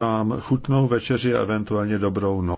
nám chutnou večeři a eventuálně dobrou noc.